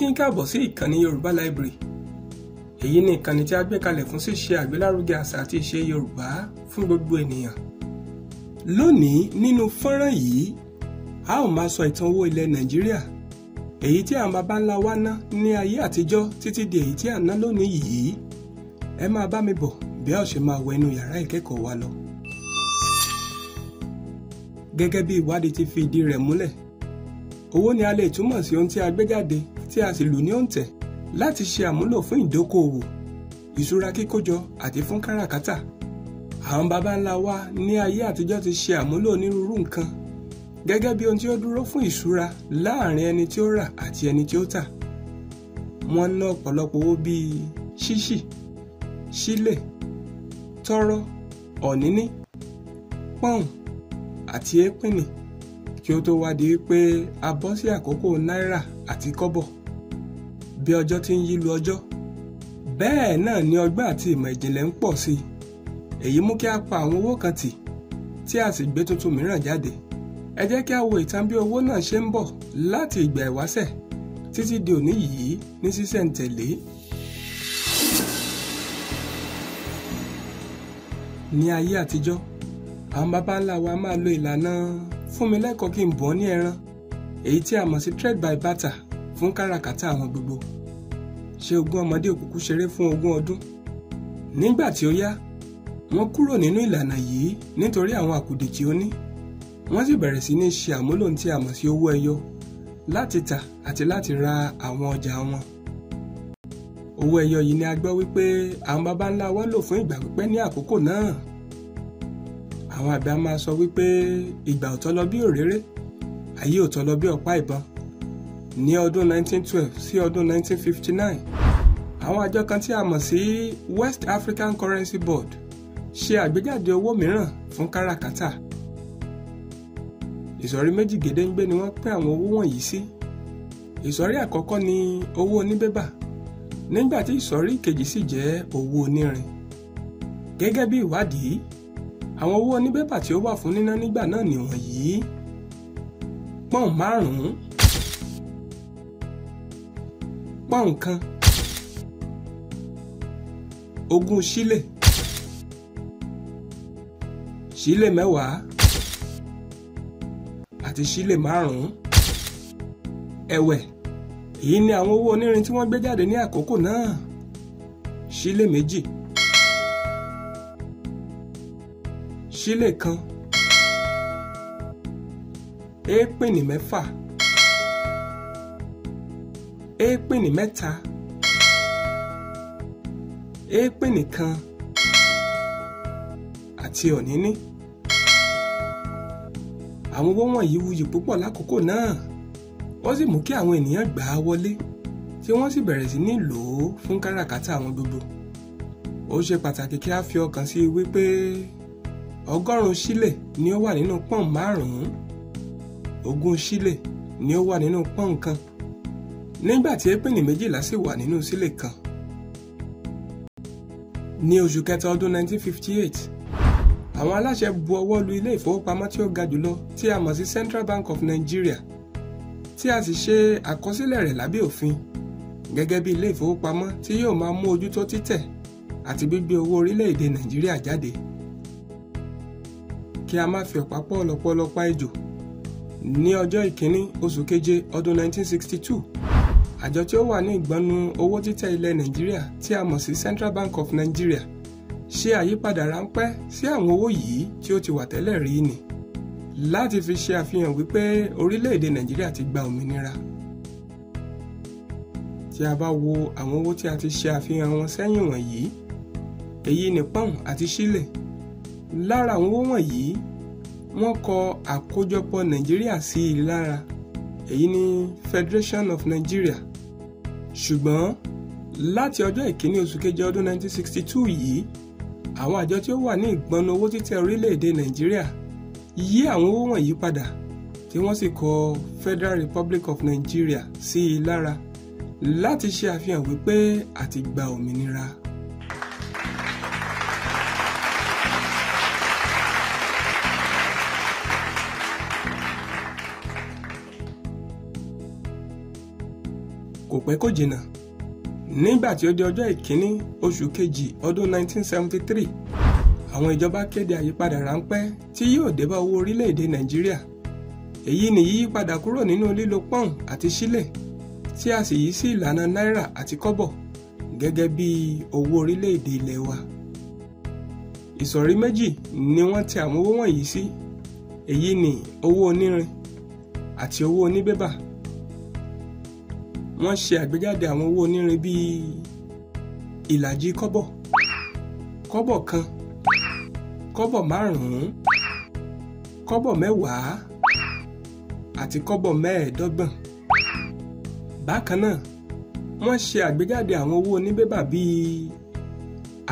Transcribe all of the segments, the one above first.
kí n káàbọ̀ sí ìkànnì Yorùbá Library èyí ni ìkànnì tí a gbé kalẹ̀ fún ṣíṣe àgbélárugẹ àṣà àti ìṣe Yorùbá fún gbogbo ènìyàn lónìí nínú fọ́nrán yìí a ó máa sọ ìtàn owó ilẹ̀ Nàìjíríà èyí tí àwọn baba ńlá wa ná ní ayé àtijọ́ títí di èyí tí à ń ná lónìí yìí ẹ máa bá mi bọ̀ bí a ó ṣe máa wọ inú yàrá ìkẹ́kọ̀ọ́ wa lọ. gẹ́gẹ́ bí ìwádìí ti fi ìdí rẹ̀ múlẹ̀ owó ni a lè túmọ̀ sí ohun tí a gbé jáde tí a sì lò ní òǹtẹ̀ láti ṣe àmúlò fún ìdókòòwò ìṣúra kíkójọ àti fún káràkátà àwọn baba ńlá wa ní ayé àtijọ́ ti ṣe àmúlò onírúurú nǹkan gẹ́gẹ́ bí ohun tí ó dúró fún ìṣúra láàrin ẹni tí ó rà àti ẹni tí ó tà wọ́n ná ọ̀pọ̀lọpọ̀ owó bíi ṣíṣì ṣílè tọrọ ọ̀níní pọ́ùn àti épìnì kí ó tó wá di pé a bọ́ sí àkókò náírà àti kọ́bọ̀ bí ọjọ́ ti ń yí lu ọjọ́ bẹ́ẹ̀ náà ni ọgbọ́n àti ìmọ̀ ìjìnlẹ̀ ń pọ̀ sí i èyí mú kí a pa àwọn owó kan tì tí a sì gbé tuntun mìíràn jáde ẹ jẹ́ kí a wo ìtàn bí owó náà ṣe ń bọ̀ láti ìgbà ìwásẹ̀ títí di òní yìí ní sísẹ̀ǹtẹ̀lé. ní ayé àtijọ́ àwọn baba ńlá wa máa lo ìlànà fún mi lẹ́kọ̀ọ́ kí n bọ́ ní ẹran èyí tí a mọ̀ sí trade by barter fún káràkátà àwọn gbogbo ṣe ogún ọmọdé òkùnkù ṣeré fún ogún ọdún nígbà tí ó yá wọ́n kúrò nínú ìlànà yìí nítorí àwọn àkùdè tí ó ní wọ́n sì bẹ̀rẹ̀ sí ní ṣe àmúlò tí a mọ̀ sí owó ẹyọ láti tà àti láti ra àwọn ọjà wọn owó ẹyọ yìí ni a gbọ́ wípé àwọn baba ńlá wa lò fún ìgbà pípẹ́ ní àkókò náà àwọn àgbà máa sọ wípé ìgbà òtọ́ lọ bí òréré ayé òtọ́ lọ bí ọ̀pá ìbọn ní ọdún 1912 sí ọdún 1959 àwọn àjọ kan tí a mọ̀ sí West African Currency Board ṣe àgbéjáde owó mìíràn fún káràkátà ìsọ̀rí méjì gédéńgbé ni wọ́n pín àwọn owó wọ̀nyí sí ìsọ̀rí àkọ́kọ́ ni owó oníbébà nígbà tí ìsọ̀rí kejì sì jẹ́ owó onírin gẹ́gẹ́ bí ìwádìí àwọn owó oníbébà tí ó wà fún níná nígbà náà nìwọ̀nyí pọ́n márùn-ún pọ́n nǹkan ogún sílè sílè mẹ́wàá àti sílè márùn-ún ẹ̀wẹ̀ èyí ni àwọn owó onírin tí wọ́n gbé jáde ní àkókò náà sílè méjì sílè kan èèpìnì mẹ́fà. E Èèpìnì mẹ́ta èèpìnì kan àti ọ̀níní. àwọn owó wọ̀nyí wuyì púpọ̀ lákòókò náà wọ́n sì mú kí àwọn ènìyàn gbà á wọlé tí wọ́n sì bẹ̀rẹ̀ sí ní lò ó fún káràkátà àwọn gbogbo. ó ṣe pàtàkì kí a fi ọkàn sí wípé ọgọ́rùn-ún sílẹ̀ ni ó wà nínú pọ́ùn márùn-ún ogún sílẹ̀ ni ó wà nínú pọ́ùn kan nígbà tí ẹ́pìnì méjìlá sì wà nínú sílé kan. ní oṣù kẹta ọdún 1958 àwọn aláṣẹ bu ọwọ́ lu ilé ìfowópamọ́ tí ó ga jùlọ tí a mọ̀ sí Central Bank of Nigeria tí a sì ṣe àkọsílẹ̀ rẹ̀ lábẹ́ òfin gẹ́gẹ́ bí ilé ìfowópamọ́ tí yóò máa mú ojú tó títẹ̀ àti gbígbé owó orílẹ̀-èdè Nàìjíríà jáde kí a má fi ọ̀pá pọ́ọ̀lọpọ́ọ̀lọ pa ejò ní ọjọ́ ìkíní oṣù keje ọdún 1962 àjọ tí ó wà ní ìgbọ́nú owó títẹ̀ ilẹ̀ nàìjíríà tí a mọ̀ sí Central Bank of Nigeria ṣe àyípadà ráńpẹ́ sí àwọn owó yìí tí ó ti wà tẹ́lẹ̀ rí ni láti fi ṣe àfihàn wípé orílẹ̀-èdè nàìjíríà ti gba òmìnira tí a bá wo àwọn owó tí a ti ṣe àfihàn wọn sẹ́yìn wọ̀nyí èyí ni pound àti Chile lára àwọn owó wọ̀nyí wọ́n kọ àkójọpọ̀ nàìjíríà sí i èyí ni Federation of Nigeria ṣùgbọ́n láti ọjọ́ ìkíní oṣù keje ọdún 1962 yìí àwọn àjọ tí ó wà ní ìgbọnú owó títẹ̀ orílẹ̀-èdè nàìjíríà yí àwọn owó wọ̀nyí padà tí wọ́n sì kọ Federal Republic of Nigeria sí i lára láti ṣe àfihàn wípé a gba òmìnira. kò pẹ́ kò jìnnà nígbà tí ó di ọjọ́ ìkíní oṣù kejì ọdún 1973 àwọn ìjọba kéde àyípadà ráńpẹ́ tí yóò dé bá owó orílẹ̀-èdè nàìjíríà èyí ni yíyípadà kúrò nínú lílo pọ́ùn àti sílẹ̀ tí a sì yí sí ìlànà náírà àti kọ́bọ̀ gẹ́gẹ́ bí owó orílẹ̀-èdè ilẹ̀ wa ìsọ̀rí méjì ni wọ́n ti àwọn owó wọ̀nyí sí èyí ni owó onírin àti owó oníbébà wọ́n ṣe àgbéjáde àwọn owó onírin bíi ìlàjì kọ́bọ̀ kọ́bọ̀ kan kọ́bọ̀ márùn-ún kọ́bọ̀ mẹ́wàá àti kọ́bọ̀ mẹ́ẹ̀ẹ́dọ́gbọ̀n bákan náà wọ́n ṣe àgbéjáde àwọn owó oníbébà bíi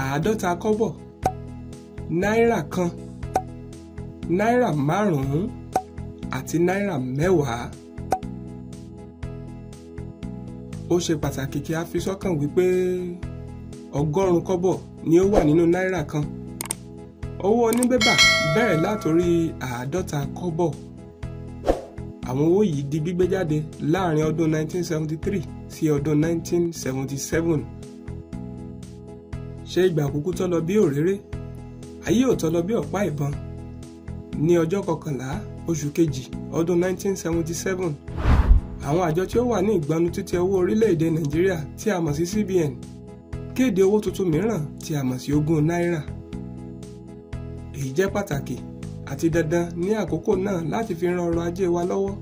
àádọ́ta kọ́bọ̀ náírà kan náírà márùn-ún àti náírà mẹ́wàá ó ṣe pàtàkì kí a fi sọ́kàn wípé ọgọ́rùn-ún kọ́bọ̀ ni ó wà nínú náírà kan owó oníbébà bẹ̀rẹ̀ látòrí àádọ́ta kọ́bọ̀ àwọn owó yìí di gbígbé jáde láàrin ọdún 1973 sí ọdún 1977 ṣé ìgbà kúkú tó lọ bí òréré ayé ò tó lọ bí ọ̀pá ìbọn ní ọjọ́ kọkànlá oṣù kejì ọdún 1977 àwọn àjọ tí ó wà ní ìgbanu títẹ owó orílẹ̀-èdè nàìjíríà tí a mọ̀ sí CBN kéde owó tuntun mìíràn tí a mọ̀ sí ogún náírà èyí jẹ́ pàtàkì àti dandan ní àkókò náà láti fi ran ọrọ̀ ajé wa lọ́wọ́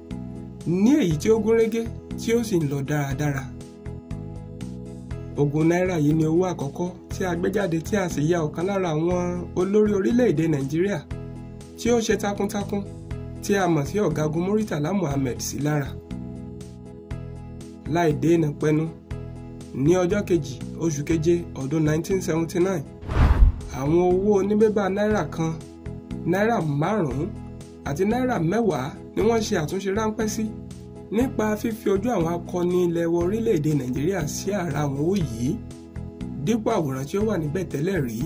ní èyí tí ó gúnrégé tí ó sì ń lọ dáradára ogún náírà yìí ni owó àkọ́kọ́ tí a gbé jáde tí a sì ya ọ̀kan lára àwọn olórí orílẹ̀-èdè nàìjíríà tí ó ṣe takuntakun tí a mọ̀ sí ọ̀gágun muritala muhammed sí lára. Si láì dé ìnà pẹ́nu ní ọjọ́ kejì oṣù keje ọdún 1979 àwọn owó oníbébà náírà kan náírà márùn-ún àti náírà mẹ́wàá ni wọ́n ṣe àtúnṣe ráńpẹ́ sí nípa fífi ojú àwọn akọni ilẹ̀ wọ orílẹ̀-èdè nàìjíríà sí àrà àwọn owó yìí dípò àwòrán tí ó wà níbẹ̀ tẹ́lẹ̀ rí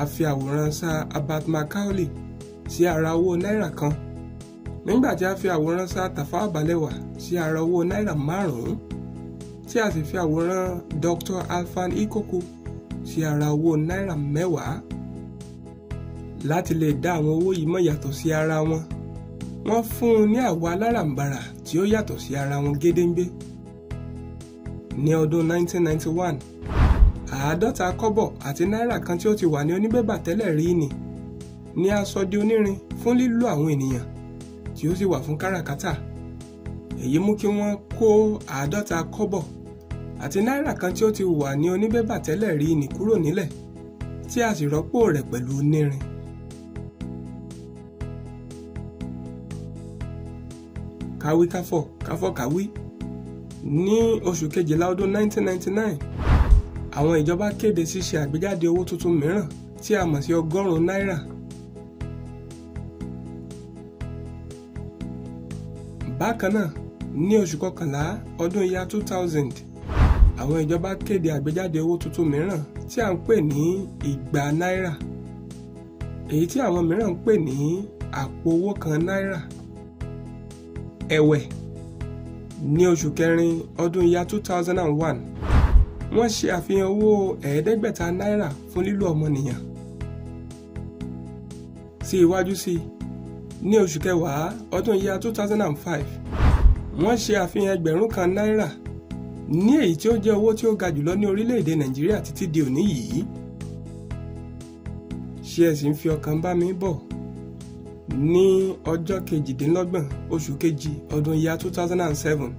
a fi àwòrán sa Abat Macaulay sí ara owó náírà kan nígbà tí a fi àwòrán sa Tafawa Balewa sí ara owó náírà márùn-ún tí a sì fi àwòrán Dr Alfan Ikoku sí ara owó náírà mẹ́wàá láti lè dá àwọn owó yìí mọ̀ yàtọ̀ sí ara wọn wọ́n fún un ní àwọ̀ aláràǹbarà tí ó yàtọ̀ sí ara wọn gédéńgbé ní ọdún 1991 àádọ́ta kọ́bọ̀ àti náírà kan tí ó ti wà ní oníbébà tẹ́lẹ̀ rí ni ni a sọ di onírin fún lílò àwọn ènìyàn tí ó sì wà fún káràkátà èyí mú kí wọ́n kó àádọ́ta kọ́bọ̀ àti náírà kan tí ó ti wà ní oníbébà tẹ́lẹ̀ rí ni kúrò nílẹ̀ tí a sì rọ́pò rẹ̀ pẹ̀lú onírin. káwí káfọ̀ káfọ̀ káwí ní oṣù kejìlá ọdún 1999 àwọn ìjọba kéde ṣíṣe àgbéjáde owó tuntun mìíràn tí a mọ̀ sí ọgọ́rùn-ún náírà bákan náà ní oṣù kọkànlá ọdún ìyá two thousand àwọn ìjọba kéde àgbéjáde owó tuntun mìíràn tí à ń pè ní igba náírà èyí tí àwọn mìíràn ń pè ní àpò owó kan náírà ẹ̀wẹ̀ ní oṣù kẹrin ọdún ìyá two thousand and one wọ́n ṣe àfihàn owó ẹ̀ẹ́dẹ́gbẹ̀ta náírà fún lílo ọmọnìyàn sí iwájú sí i ní oṣù kẹwàá ọdún yíya two thousand and five wọ́n ṣe àfihàn ẹgbẹ̀rún kan náírà ní èyí tí ó jẹ́ owó tí ó ga jùlọ ní orílẹ̀-èdè nàìjíríà títí di òní yìí ṣé ẹ sì ń fi ọkàn bá mi bọ̀ ní ọjọ́ kejìdínlọ́gbọ̀n oṣù kejì ọdún yíya two thousand and seven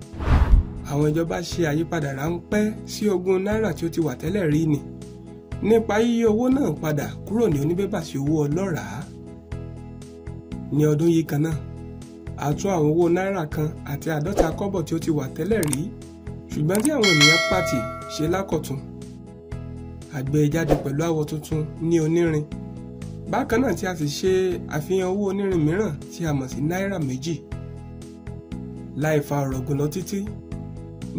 àwọn ìjọba ṣe àyípadà ráńpẹ́ sí ogún náírà tí ó ti wà tẹ́lẹ̀ rí ni nípa yíyí owó náà padà kúrò ní oníbébà sí owó ọlọ́ràá ní ọdún yìí kan náà a tún àwọn owó náírà kan àti àádọ́ta kọ́bọ̀ tí ó ti wà tẹ́lẹ̀ rí ṣùgbọ́n tí àwọn ènìyàn pàtì ṣe lákọ̀tún àgbéjáde e pẹ̀lú àwọ̀ tuntun ní onírin bákan náà tí a sì ṣe àfihàn owó onírin mìíràn tí a mọ̀ sí náírà méjì láì fa ọ̀rọ̀ gùn lọ títí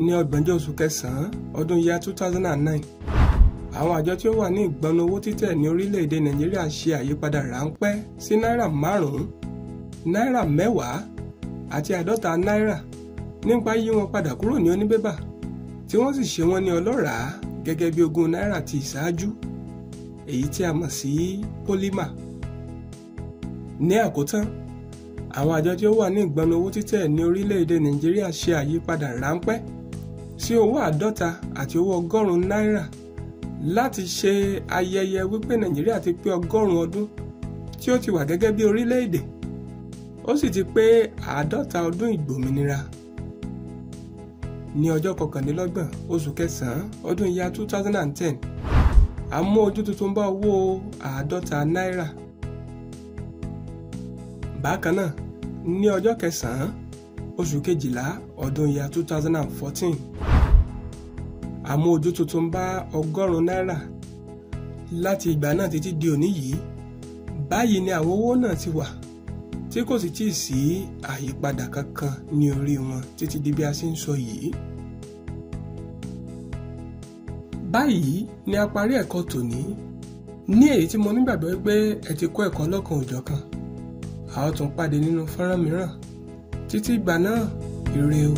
ní ọgbọ̀njọ́ oṣù kẹsàn-án ọdún yíya 2009 àwọn àjọ tí ó wà ní ìgbọnú owó títẹ̀ ní orílẹ̀-èdè nàìjíríà ṣe àyípadà ráńpẹ́ sí náírà márùn-ún náírà mẹ́wàá àti àádọ́ta náírà nípa yí wọn padà kúrò ní oníbébà tí wọ́n sì ṣe wọ́n ní ọlọ́ràá gẹ́gẹ́ bí ogún náírà ti ìṣáájú èyí tí a mọ̀ sí pólímà. ní àkótán àwọn àjọ tí ó wà ní ìgbọnú owó títẹ̀ ní orílẹ̀-èdè nàìjíríà ṣe àyípadà ráńpẹ́ sí owó àádọ́ta àti owó ọgọ́rùn-ún náírà láti ṣe ayẹyẹ wípé nàìjíríà ti pé ọgọ́rùn-ún ọdún tí ó ti wà gẹ́gẹ́ bí orílẹ̀-èdè ó sì ti pé àádọ́ta ọdún ìgbòmìnira ní ọjọ́ kọkànlélọ́gbọ̀n oṣù kẹsàn-án ọdún ìyá 2010 a mú ojú tuntun bá owó àádọ́ta náírà bákan náà ní ọjọ́ kẹsàn-án oṣù kejìlá ọdún ìyá 2014 a mú ojú tuntun bá ọgọ́rùn-ún náírà láti ìgbà náà títí di òní yìí báyìí ni àwọn owó náà ti wà tí kò sì tíì sí àyípadà kankan ní orí wọn títí di bí a ṣe ń sọ yìí. báyìí ni a parí ẹ̀kọ́ tòní ní èyí tí mo nígbàgbọ́ pé ẹ ti kọ́ ẹ̀kọ́ lọ́kan òjọ̀kan a ó tún pàdé nínú fọ́nrán mìíràn títí ìgbà náà ire o.